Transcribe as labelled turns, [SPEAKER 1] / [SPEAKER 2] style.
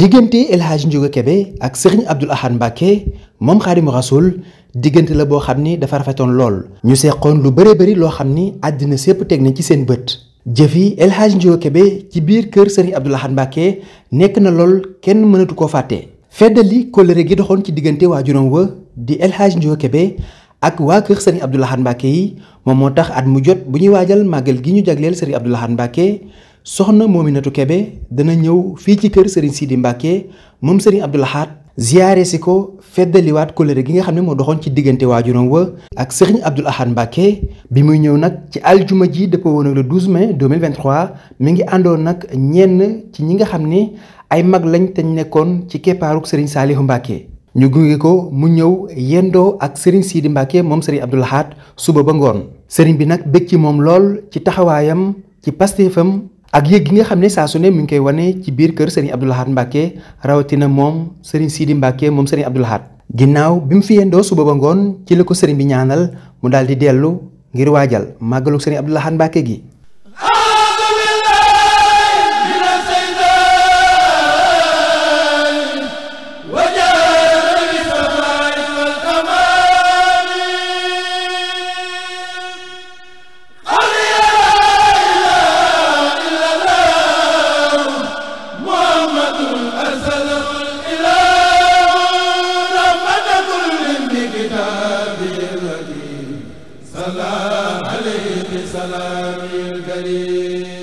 [SPEAKER 1] diggante El Hadj Ndiouga ak Serigne Abdoul Ahad Mbacké moom Xaadimu Rasuul diggante la boo xam ni dafa rafetoon lool ñu seqoon lu bare bëri loo xam ni àddina sépp teg nañ ci seen bët jëfi El Hadj Ndiouga ci biir kër Serigne Abdoul Ahad Mbacké nekk na lool kenn mënatu koo fàtte feddali kóllëre gi doxoon ci diggante waajuram wa di El Hadj Ndiouga ak waa kër Serigne Abdoul Ahad Mbacké yi moom moo tax at mu jot bu ñuy waajal màggal gi ñu jagleel Serigne Abdoul Ahad Mbacké soxna Mominatou Kébé dana ñëw fii ci kër Serigne Sidi Mbacke moom Serigne Abdou Lahad ziyaare si ko feddaliwaat kóllëre gi nga xam ne moo doxoon ci diggante waajuram wa ak sëriñ Abdou Lahad Mbacke bi muy ñëw nag ci aljuma ji dëppoo woon ak le 12 mai 2023 mi ngi àndoon nag ñenn ci ñi nga xam ne ay mag lañ te nekkoon ci keppaaruk Serigne Saliou Mbacke. ñu gunge ko mu ñëw yendoo ak Serigne Sidi Mbacke moom Serigne Abdou Lahad suba ba ngoon Serigne bi nag bëgg ci moom lool ci taxawaayam ak yëg gi nga xam ne saa su ne mu ngi koy wane ci biir kër Serigne Abdou Lahad Mbacke rawatina moom Serigne siidi Mbacke moom Serigne Abdou Lahad ginnaaw bi mu fi yendoo suba ba ngoon ci la ko Serigne bi ñaanal mu daal di dellu ngir waajal màggalu Serigne Abdou Lahad Mbacke gi.
[SPEAKER 2] صلى عليه بسلام الكريم